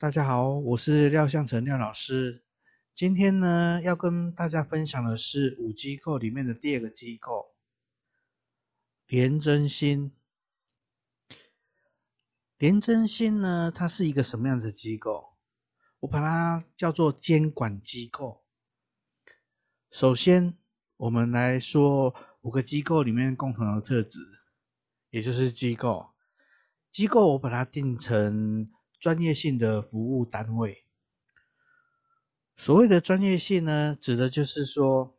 大家好，我是廖相程廖老師。今天呢，要跟大家分享的是五機構裡面的第二個機構——廉貞星，廉貞星呢，它是一個什麼樣的機構？我把它叫做監管機構。首先，我們來說五個機構裡面共同的特質，也就是機構。機構，我把它定成，專業性的服務單位，所謂的專業性呢，指的就是說，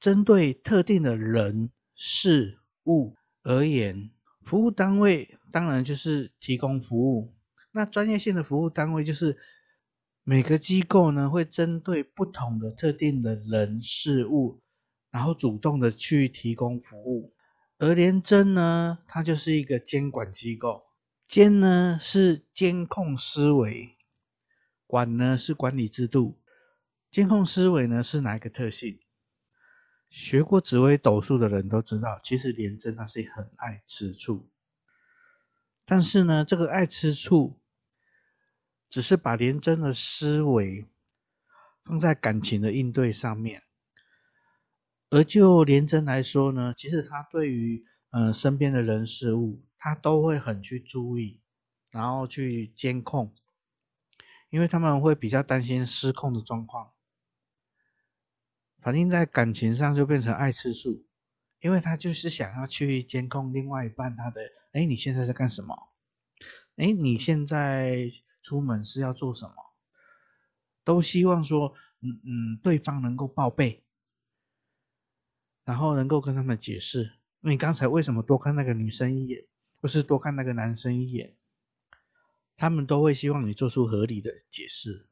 針對特定的人事物而言，服務單位當然就是提供服務。那專業性的服務單位就是每個機構呢，會針對不同的特定的人事物，然後主動的去提供服務。而廉貞呢，它就是一個監管機構。監呢是監控思維，管呢是管理制度。監控思維呢是哪一個特性？學過紫微斗數的人都知道，其實廉貞他是很愛吃醋，但是呢，這個愛吃醋只是把廉貞的思維放在感情的應對上面。而就廉貞來說呢，其實他對於嗯、呃、身邊的人事物。他都會很去注意，然後去監控，因為他們會比較擔心失控的狀況。反正在感情上就變成愛吃醋，因為他就是想要去監控另外一半他的，哎，你現在在幹什麼？哎，你現在出門是要做什麼？都希望說，嗯嗯，對方能夠報備，然後能夠跟他們解釋，那你剛才為什麼多看那個女生一眼？不是多看那個男生一眼，他們都會希望你做出合理的解釋。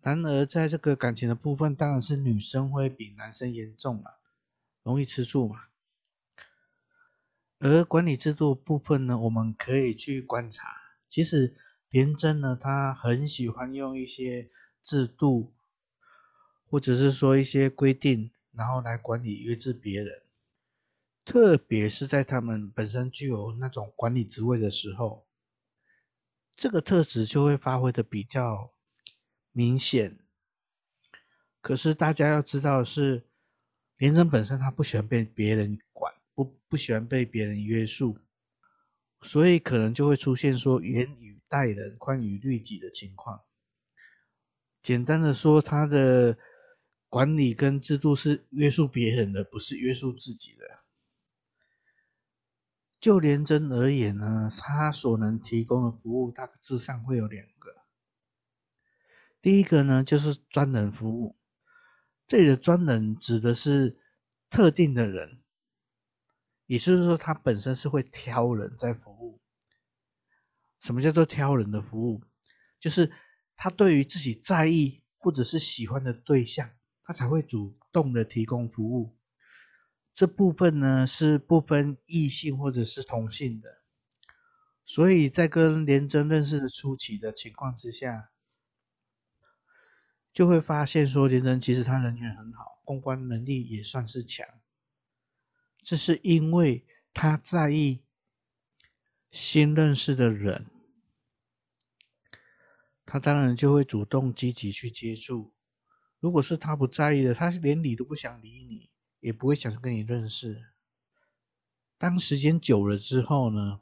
然而，在這個感情的部分，當然是女生會比男生嚴重啊，容易吃醋嘛。而管理制度部分呢，我們可以去觀察。其實廉貞呢，他很喜歡用一些制度，或者是說一些規定，然後來管理約制別人。特別是在他們本身具有那種管理職位的時候，這個特質就會發揮的比較明顯。可是大家要知道的是，廉貞本身他不喜歡被別人管，不不喜歡被別人約束，所以可能就會出現說嚴以待人，寬於律己的情況。簡單的說，他的管理跟制度是約束別人的，不是約束自己的。就廉貞而言呢，他所能提供的服務，大致上會有兩個。第一個呢，就是專人服務。這裡的專人指的是特定的人，也就是說，他本身是會挑人在服務。什麼叫做挑人的服務？就是他對於自己在意或者是喜歡的對象，他才會主動的提供服務。這部分呢，是不分異性或者是同性的，所以在跟廉貞認識的初期的情況之下，就會發現說廉貞其實他人緣很好，公關能力也算是強。這是因為他在意新認識的人，他當然就會主動積極去接觸。如果是他不在意的，他連理都不想理你，也不會想去跟你認識。當時間久了之後呢，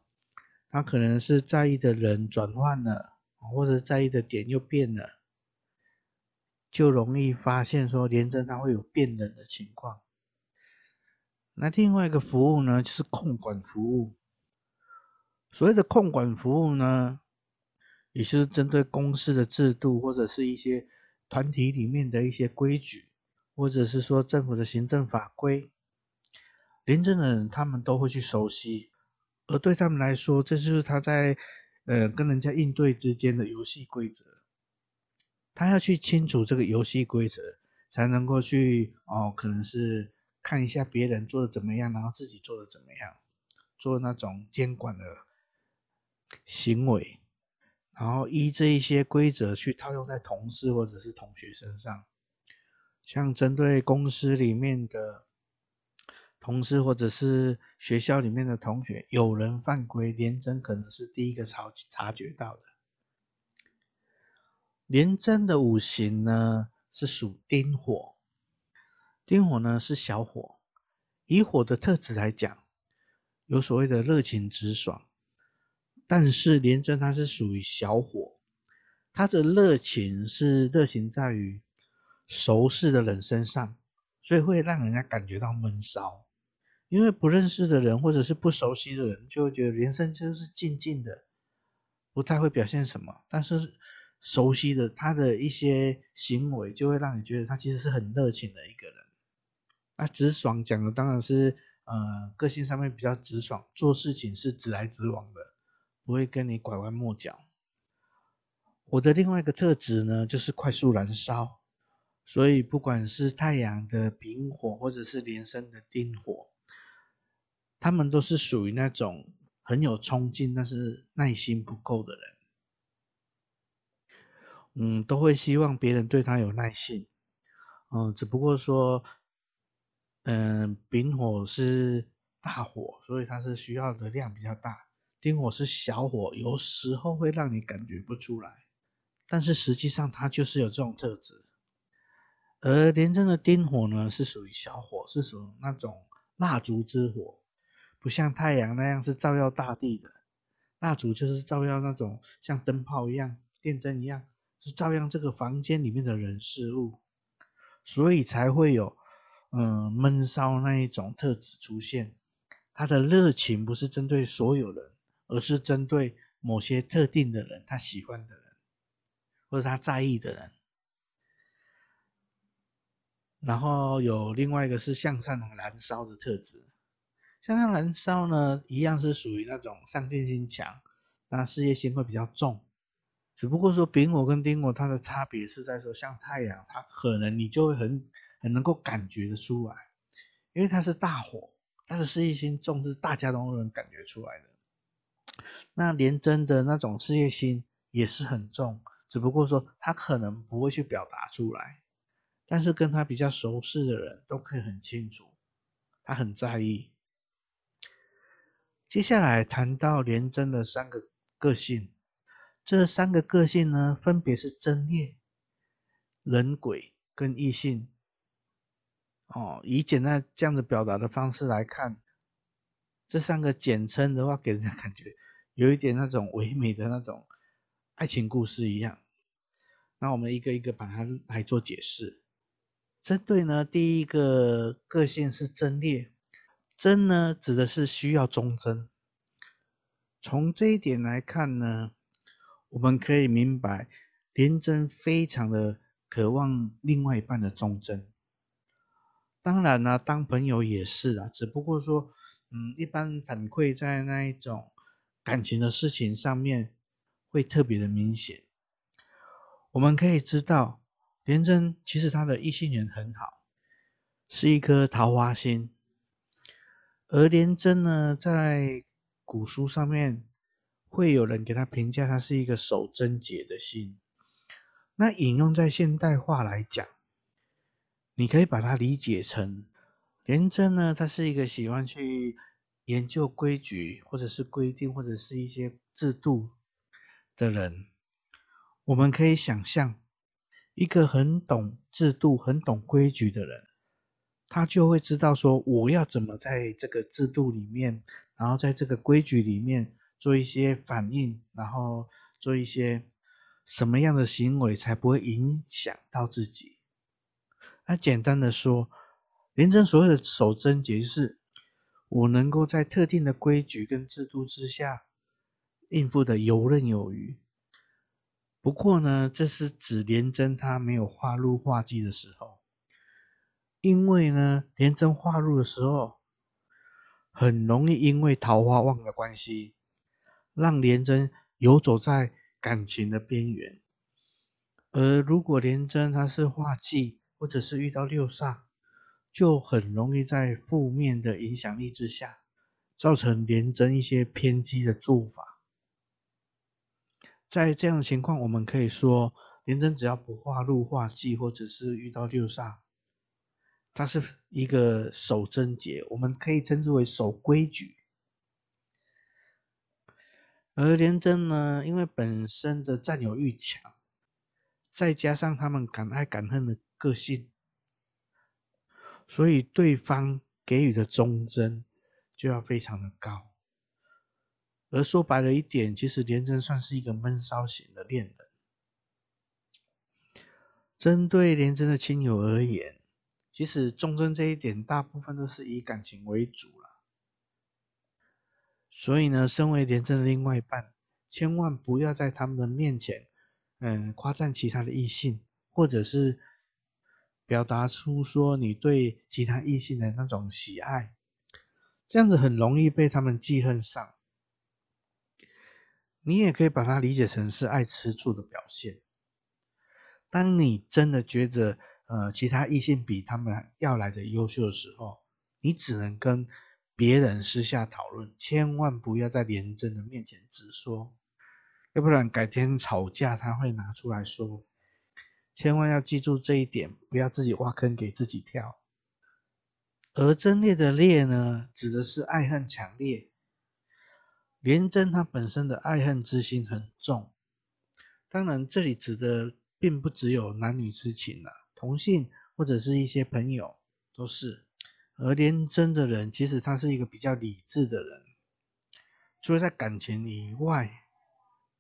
他可能是在意的人轉換了，或者在意的點又變了，就容易發現說連着他會有變冷的情況。那另外一個服務呢，就是控管服務。所謂的控管服務呢，也就是針對公司的制度，或者是一些團體裡面的一些規矩。或者是說政府的行政法規，廉貞的人他們都會去熟悉，而對他們來說，這就是他在呃跟人家應對之間的遊戲規則。他要去清楚這個遊戲規則，才能夠去哦，可能是看一下別人做的怎麼樣，然後自己做的怎麼樣，做那種監管的行為，然後依這一些規則去套用在同事或者是同學身上。像針對公司裡面的同事，或者是學校裡面的同學，有人犯規，廉貞可能是第一個察察覺到的。廉貞的五行呢，是屬丁火，丁火呢，是小火，以火的特質來講，有所謂的熱情直爽，但是廉貞她是屬於小火，她的熱情是熱情在於熟識的人身上，所以會讓人家感覺到悶騷。因為不認識的人或者是不熟悉的人，就會覺得人生就是靜靜的，不太會表現什麼。但是熟悉的他的一些行為，就會讓你覺得他其實是很熱情的一個人。那、啊、直爽講的當然是，呃，個性上面比較直爽，做事情是直來直往的，不會跟你拐彎抹角。我的另外一個特質呢，就是快速燃燒。所以，不管是太陽的丙火，或者是廉貞的丁火，他們都是屬於那種很有衝勁，但是耐心不夠的人。嗯，都會希望別人對他有耐性。嗯、呃，只不過說，嗯、呃，丙火是大火，所以它是需要的量比較大；丁火是小火，有時候會讓你感覺不出來，但是實際上它就是有這種特質。而廉貞的丁火呢，是屬於小火，是屬於那種蠟燭之火，不像太陽那樣是照耀大地的，蠟燭就是照耀那種像燈泡一樣、電燈一樣，是照亮這個房間裡面的人事物，所以才會有嗯、悶騷那一種特質出現。他的熱情不是針對所有人，而是針對某些特定的人，他喜歡的人，或者他在意的人。然後有另外一個是向上燃燒的特質，向上燃燒呢，一樣是屬於那種上進心強，那事業心會比較重。只不過說丙火跟丁火它的差別是在說像太陽，它可能你就會很很能夠感覺得出來，因為它是大火，但是事業心重是大家都能感覺出來的。那廉貞的那種事業心也是很重，只不過說他可能不會去表達出來。但是跟他比較熟識的人都可以很清楚，他很在意。接下來談到廉貞的三個個性，這三個個性呢，分別是貞烈、人鬼跟異性。哦，以簡單這樣子表達的方式來看，這三個簡稱的話，給人家感覺有一點那種唯美的那種愛情故事一樣。那我們一個一個把它來做解釋。針對呢，第一個個性是貞烈，貞呢指的是需要忠貞。從這一點來看呢，我們可以明白，廉貞非常的渴望另外一半的忠貞。當然呢、啊，當朋友也是啊，只不過說，嗯，一般反饋在那一種感情的事情上面會特別的明顯。我們可以知道。廉貞其實他的異性緣很好，是一顆桃花星。而廉貞呢，在古書上面會有人給他評價，他是一個守貞節的星。那引用在現代話來講，你可以把它理解成廉貞呢，他是一個喜歡去研究規矩，或者是規定，或者是一些制度的人。我們可以想象。一個很懂制度、很懂規矩的人，他就會知道說，我要怎麼在這個制度裡面，然後在這個規矩裡面做一些反應，然後做一些什麼樣的行為才不會影響到自己。那、啊、簡單的說，廉貞所謂的守貞節，是我能夠在特定的規矩跟制度之下，應付得游刃有餘。不過呢，這是指廉貞他沒有化入化忌的時候，因為呢，廉貞化入的時候，很容易因為桃花旺的關係，讓廉貞遊走在感情的邊緣。而如果廉貞他是化忌，或者是遇到六煞，就很容易在負面的影響力之下，造成廉貞一些偏激的做法。在這樣的情況，我們可以說，廉貞只要不化祿化忌，或者是遇到六煞，它是一個守貞節，我們可以稱之為守規矩。而廉貞呢，因為本身的占有欲強，再加上他們敢愛敢恨的個性，所以對方給予的忠貞就要非常的高。而說白了一點，其實廉貞算是一個悶騷型的戀人。針對廉貞的親友而言，其實忠貞這一點大部分都是以感情為主啦。所以呢，身為廉貞的另外一半，千萬不要在他們的面前，嗯，誇讚其他的異性，或者是表達出說你對其他異性的那種喜愛，這樣子很容易被他們記恨上。你也可以把它理解成是愛吃醋的表現。當你真的覺得，呃，其他異性比他們要來的優秀的時候，你只能跟別人私下討論，千萬不要在廉貞的面前直說，要不然改天吵架他會拿出來說。千萬要記住這一點，不要自己挖坑給自己跳。而貞烈的烈呢，指的是愛恨強烈。廉貞他本身的愛恨之心很重，當然這裡指的並不只有男女之情了，同性或者是一些朋友都是。而廉貞的人其實他是一個比較理智的人，除了在感情以外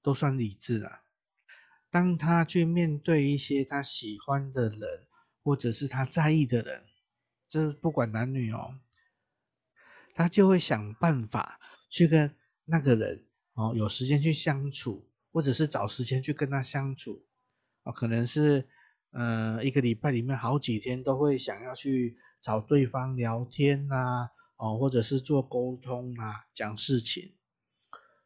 都算理智啦。當他去面對一些他喜歡的人或者是他在意的人，這不管男女哦，他就會想辦法去跟。那個人哦，有時間去相處，或者是找時間去跟他相處，哦，可能是呃一個禮拜裡面好幾天都會想要去找對方聊天吶、啊，哦，或者是做溝通啊，講事情。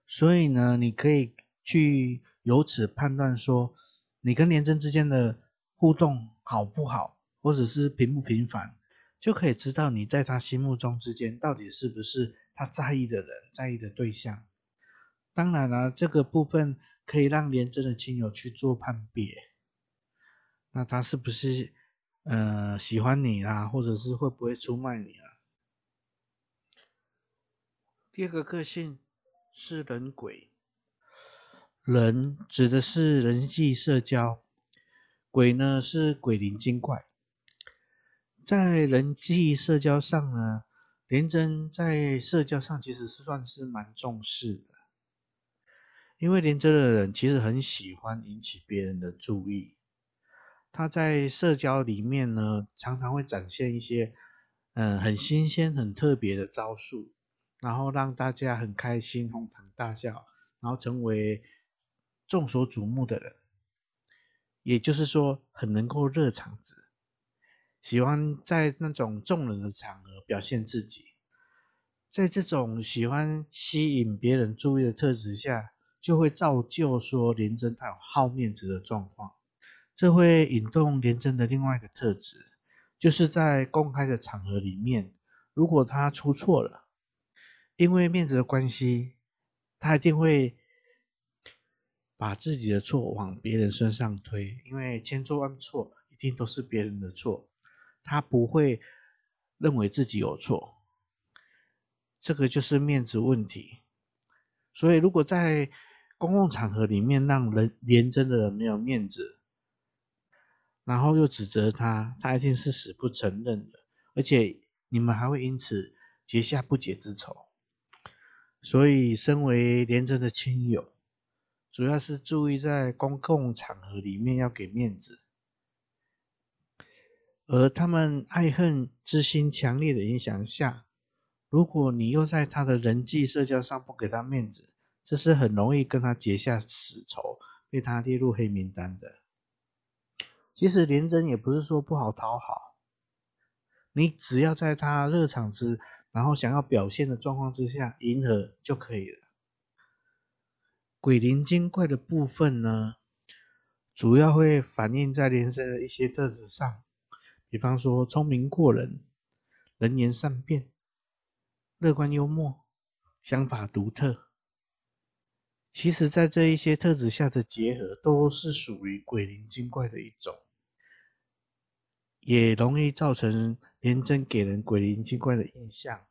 所以呢，你可以去由此判斷說，你跟廉貞之間的互動好不好，或者是頻不頻繁，就可以知道你在他心目中之間到底是不是。他在意的人，在意的對象，當然了、啊，這個部分可以讓廉貞的親友去做判別，那他是不是，呃，喜歡你啦、啊，或者是會不會出賣你啊？第二個個性是人鬼，人指的是人際社交，鬼呢是鬼靈精怪，在人際社交上呢。廉貞在社交上其實是算是蠻重視的，因為廉貞的人其實很喜歡引起別人的注意，他在社交裡面呢，常常會展現一些嗯很新鮮、很特別的招數，然後讓大家很開心、哄堂大笑，然後成為眾所矚目的人，也就是說，很能夠熱場子。喜歡在那種眾人的場合表現自己，在這種喜歡吸引別人注意的特質下，就會造就說廉貞他有好面子的狀況。這會引動廉貞的另外一個特質，就是在公開的場合裡面，如果他出錯了，因為面子的關係，他一定會把自己的錯往別人身上推，因為千錯萬錯一定都是別人的錯。他不會認為自己有錯，這個就是面子問題。所以，如果在公共場合裡面讓人廉貞的沒有面子，然後又指責他，他一定是死不承認的。而且，你們還會因此結下不解之仇。所以，身為廉貞的親友，主要是注意在公共場合裡面要給面子。而他們愛恨之心強烈的影響下，如果你又在他的人際社交上不給他面子，這是很容易跟他結下死仇，被他列入黑名單的。其實廉貞也不是說不好討好，你只要在他熱場之，然後想要表現的狀況之下迎合就可以了。鬼靈精怪的部分呢，主要會反映在廉貞的一些特質上。比方說，聰明過人，能言善辯，樂觀幽默，想法獨特。其實，在這一些特質下的結合，都是屬於鬼靈精怪的一種，也容易造成廉貞給人鬼靈精怪的印象。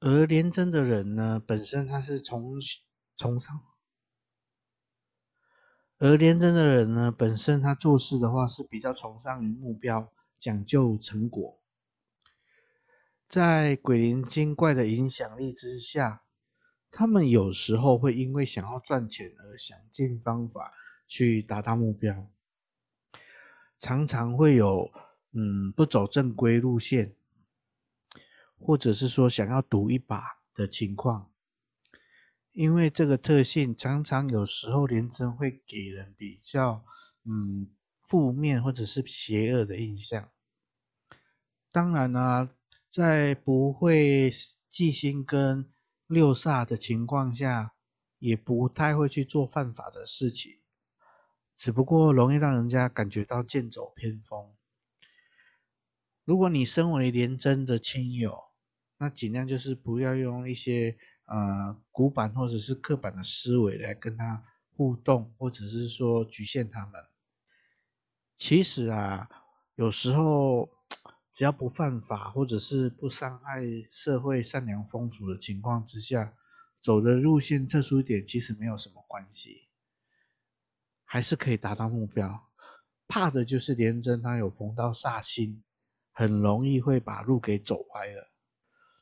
而廉貞的人呢，本身他是從從上。而廉貞的人呢，本身他做事的話是比較崇尚於目標，講究成果。在鬼靈精怪的影響力之下，他們有時候會因為想要賺錢而想盡方法去達到目標，常常會有嗯不走正規路線，或者是說想要賭一把的情況。因為這個特性，常常有時候廉貞會給人比較嗯負面或者是邪惡的印象。當然啦，啊，在不會忌星跟六煞的情況下，也不太會去做犯法的事情，只不過容易讓人家感覺到劍走偏鋒。如果你身為廉貞的親友，那盡量就是不要用一些。呃、嗯，古板或者是刻板的思維來跟他互動，或者是說侷限他們。其實啊，有時候只要不犯法，或者是不傷害社會善良風俗的情況之下，走的路線特殊一點，其實沒有什麼關係，還是可以達到目標。怕的就是廉貞他有逢到煞星，很容易會把路給走歪了。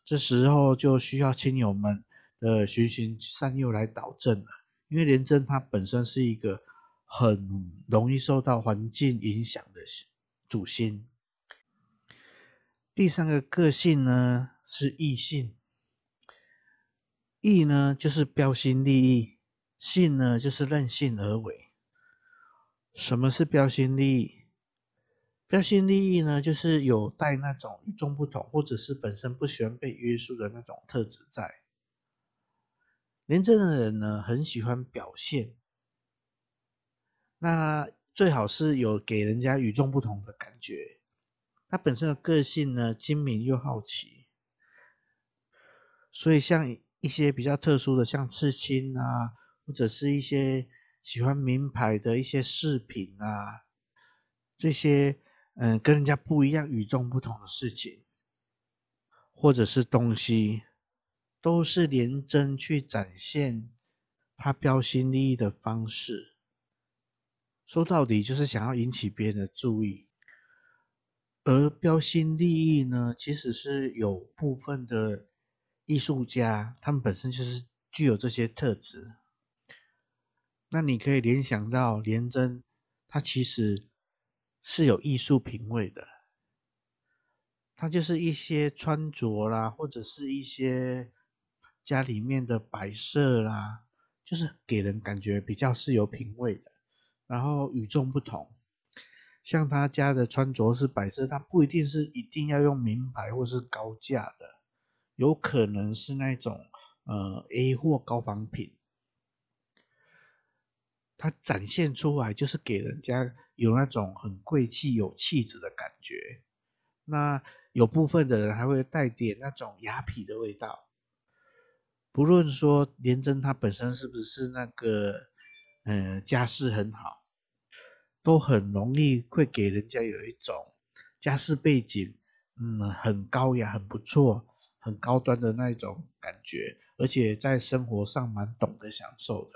這時候就需要親友們。呃，循循善誘來導正了，啊，因為廉貞它本身是一個很容易受到環境影響的主星。第三個個性呢是異性，異呢就是標新立異，性呢就是任性而為。什麼是標新立異？標新立異呢，就是有帶那種與眾不同，或者是本身不喜歡被約束的那種特質在。廉貞的人呢，很喜歡表現，那最好是有給人家與眾不同的感覺。他本身的個性呢，精明又好奇，所以像一些比較特殊的，像刺青啊，或者是一些喜歡名牌的一些飾品啊，這些嗯、呃，跟人家不一樣、與眾不同的事情，或者是東西。都是廉貞去展現他標新立異的方式，說到底就是想要引起別人的注意。而標新立異呢，其實是有部分的藝術家，他們本身就是具有這些特質。那你可以聯想到廉貞，他其實是有藝術品味的，他就是一些穿着啦，或者是一些。家裡面的擺設啦，就是給人感覺比較是有品味的，然後與眾不同。像他家的穿着是白色，他不一定是一定要用名牌或是高價的，有可能是那種呃 A 貨高仿品。他展現出來就是給人家有那種很貴氣、有氣質的感覺。那有部分的人還會帶點那種雅痞的味道。不論說廉貞她本身是不是那個，嗯，家世很好，都很容易會給人家有一種家世背景，嗯，很高雅、很不錯、很高端的那一種感覺，而且在生活上蠻懂得享受的。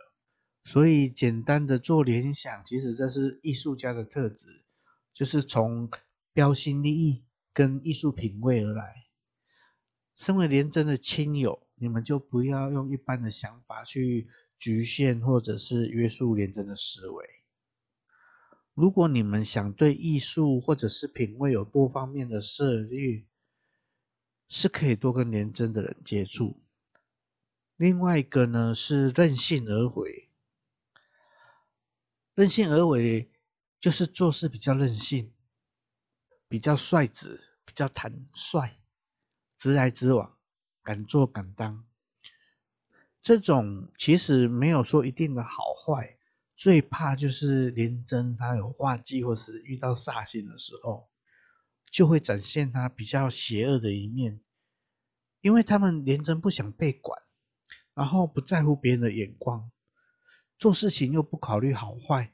所以簡單的做聯想，其實這是藝術家的特質，就是從標新立異跟藝術品味而來。身為廉貞的親友。你們就不要用一般的想法去局限或者是約束廉貞的思維。如果你們想對藝術或者是品味有多方面的涉獵，是可以多跟廉貞的人接觸。另外一個呢是任性而為，任性而為就是做事比較任性，比較率直，比較坦率，直來直往。敢做敢當，這種其實沒有說一定的好壞，最怕就是廉貞他有化忌或是遇到煞星的時候，就會展現他比較邪惡的一面，因為他們廉貞不想被管，然後不在乎別人的眼光，做事情又不考慮好壞，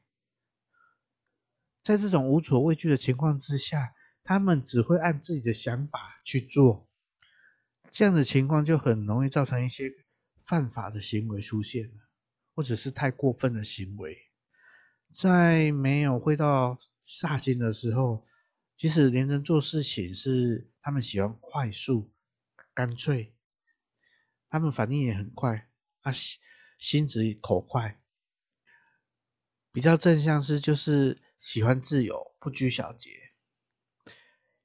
在這種無所畏懼的情況之下，他們只會按自己的想法去做。這樣的情況就很容易造成一些犯法的行為出現了，或者是太過分的行為。在沒有會到煞星的時候，即使廉貞做事情是他們喜歡快速、乾脆，他們反應也很快啊，心直口快。比較正向是就是喜歡自由、不拘小節。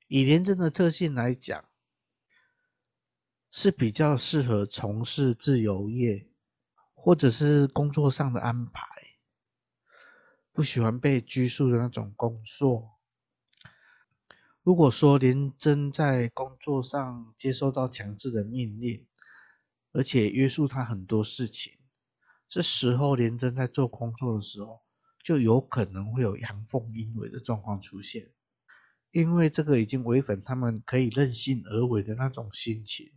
以廉貞的特性來講。是比較適合從事自由業，或者是工作上的安排，不喜歡被拘束的那種工作。如果說廉貞在工作上接受到強制的命令，而且約束他很多事情，這時候廉貞在做工作的時候，就有可能會有陽奉陰違的狀況出現，因為這個已經違反他們可以任性而為的那種心情。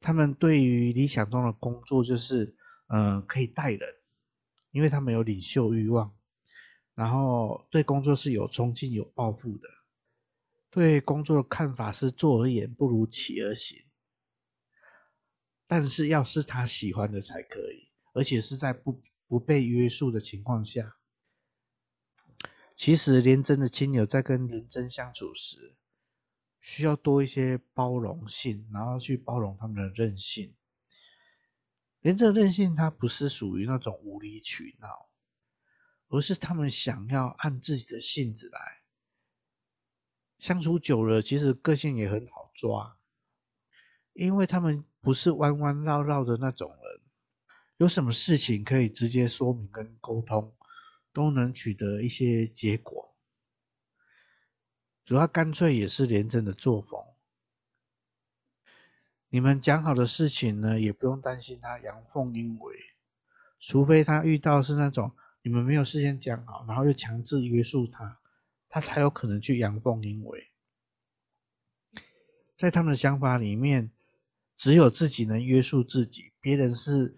他們對於理想中的工作就是，嗯，可以帶人，因為他們有領袖慾望，然後對工作是有衝勁、有抱負的。對工作的看法是“坐而言不如起而行”，但是要是他喜歡的才可以，而且是在不不被約束的情況下。其實廉貞的親友在跟廉貞相處時，需要多一些包容性，然後去包容他們的任性。連這任性，他不是屬於那種無理取鬧，而是他們想要按自己的性子來。相處久了，其實個性也很好抓，因為他們不是彎彎繞繞的那種人，有什麼事情可以直接說明跟溝通，都能取得一些結果。主要乾脆也是廉貞的作風。你們講好的事情呢，也不用擔心他陽奉陰違，除非他遇到是那種你們沒有事先講好，然後又強制約束他，他才有可能去陽奉陰違。在他們的想法裡面，只有自己能約束自己，別人是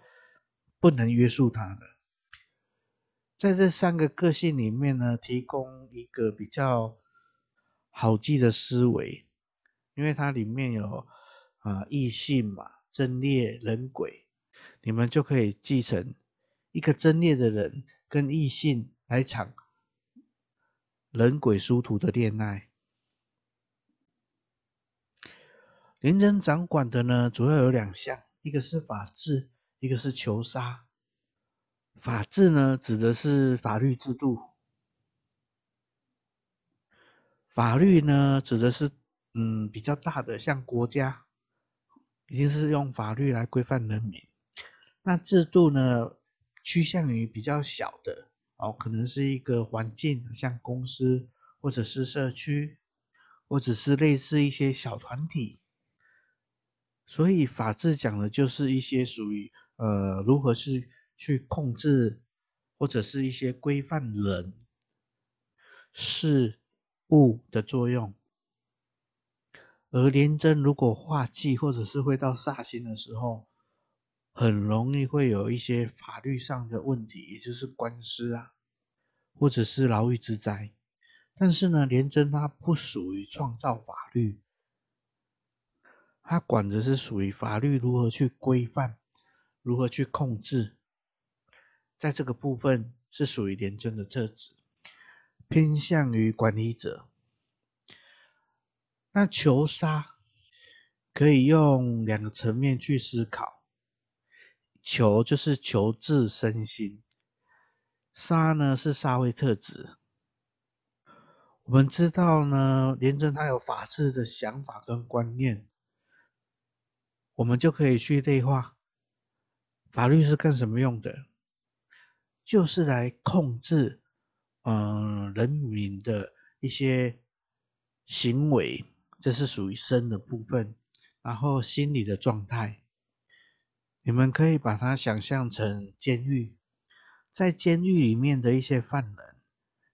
不能約束他的。在這三個個性裡面呢，提供一個比較。好記的思維，因為它裡面有啊異性嘛，貞烈人鬼，你們就可以記成一個貞烈的人跟異性來場人鬼殊途的戀愛。廉貞掌管的呢，主要有兩項，一個是法治，一個是求殺。法治呢，指的是法律制度。法律呢，指的是嗯比較大的，像國家，一定是用法律來規範人民。那制度呢，趨向於比較小的，哦，可能是一個環境，像公司或者是社區，或者是類似一些小團體。所以法治講的就是一些屬於呃如何是去控制或者是一些規範人、是。物的作用，而廉貞如果化忌或者是會到煞星的時候，很容易會有一些法律上的問題，也就是官司啊，或者是牢獄之災。但是呢，廉貞它不屬於創造法律，它管的是屬於法律如何去規範、如何去控制，在這個部分是屬於廉貞的特質。偏向於管理者，那求殺可以用兩個層面去思考，求就是求自身心，殺呢是殺威特質。我們知道呢，廉貞他有法治的想法跟觀念，我們就可以去類化，法律是幹什麼用的？就是來控制。嗯，人民的一些行為，這是屬於身的部分。然後心理的狀態，你們可以把它想象成監獄，在監獄裡面的一些犯人，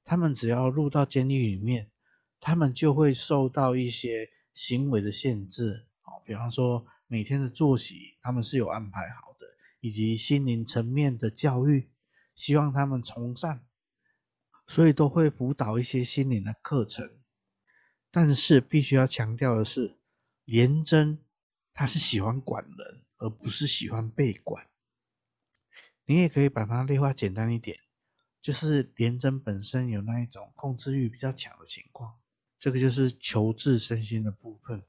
他們只要入到監獄裡面，他們就會受到一些行為的限制哦，比方說每天的作息，他們是有安排好的，以及心靈層面的教育，希望他們從善。所以都會輔導一些心理的課程，但是必須要強調的是，廉貞他是喜歡管人，而不是喜歡被管。你也可以把它類化簡單一點，就是廉貞本身有那一種控制欲比較強的情況，這個就是求治身心的部分。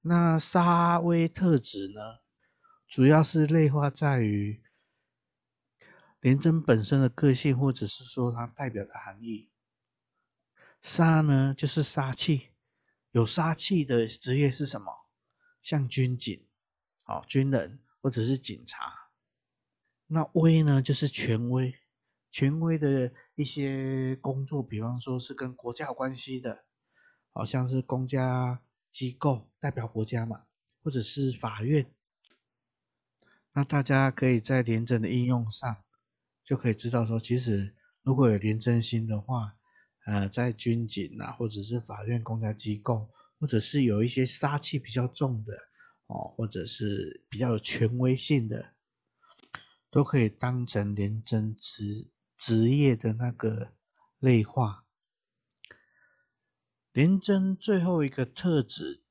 那沙威特質呢，主要是類化在於。廉貞本身的個性，或者是說它代表的含義，殺呢就是殺氣，有殺氣的職業是什麼？像軍警，啊、哦、軍人或者是警察。那威呢就是權威，權威的一些工作，比方說是跟國家有關係的，好、哦、像是公家機構代表國家嘛，或者是法院。那大家可以在廉貞的應用上。就可以知道說，其實如果有廉貞星的話，呃，在軍警啊，或者是法院、公家機構，或者是有一些殺氣比較重的哦，或者是比較有權威性的，都可以當成廉貞職職業的那個類化。廉貞最後一個特質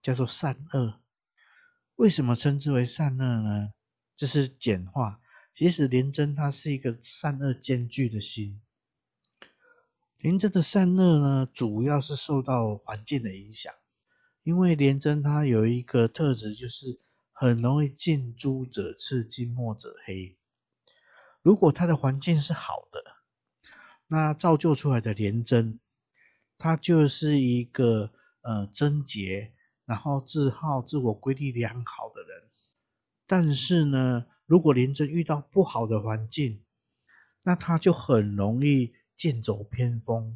叫做善惡，為什麼稱之為善惡呢？這、就是簡化。即使廉貞，它是一個善惡兼具的星。廉貞的善惡呢，主要是受到環境的影響。因為廉貞它有一個特質，就是很容易近朱者赤，近墨者黑。如果她的環境是好的，那造就出來的廉貞，她就是一個呃貞潔，然後自好、自我規律良好的人。但是呢，如果廉貞遇到不好的環境，那他就很容易劍走偏鋒，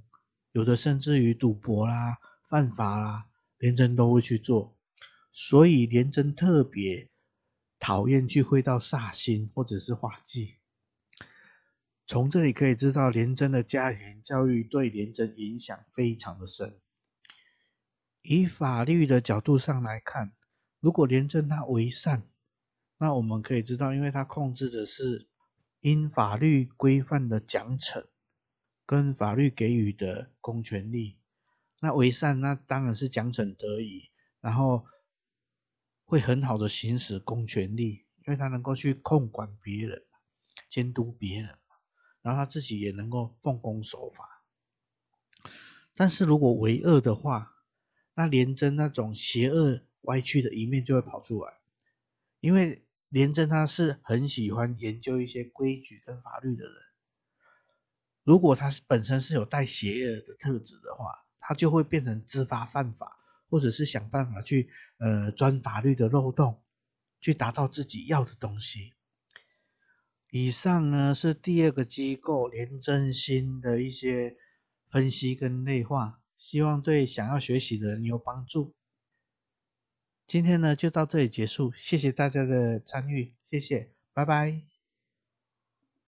有的甚至於賭博啦、啊、犯法啦、啊，廉貞都會去做。所以廉貞特別討厭聚會到煞星或者是化忌。從這裡可以知道，廉貞的家庭教育對廉貞影響非常的深。以法律的角度上來看，如果廉貞她為善。那我們可以知道，因為他控制的是因法律規範的獎懲跟法律給予的公權力，那為善那當然是獎懲得宜，然後會很好的行使公權力，因為他能夠去控管別人、監督別人，然後他自己也能夠奉公守法。但是如果為惡的話，那廉貞那種邪惡歪曲的一面就會跑出來，因為。廉貞他是很喜歡研究一些規矩跟法律的人。如果他是本身是有帶邪惡的特質的話，他就會變成知法犯法，或者是想辦法去呃鑽法律的漏洞，去達到自己要的東西。以上呢是第二個機構廉貞星的一些分析跟內化，希望對想要學習的人有幫助。今天呢，就到這裡結束。謝謝大家的參與，謝謝，拜拜。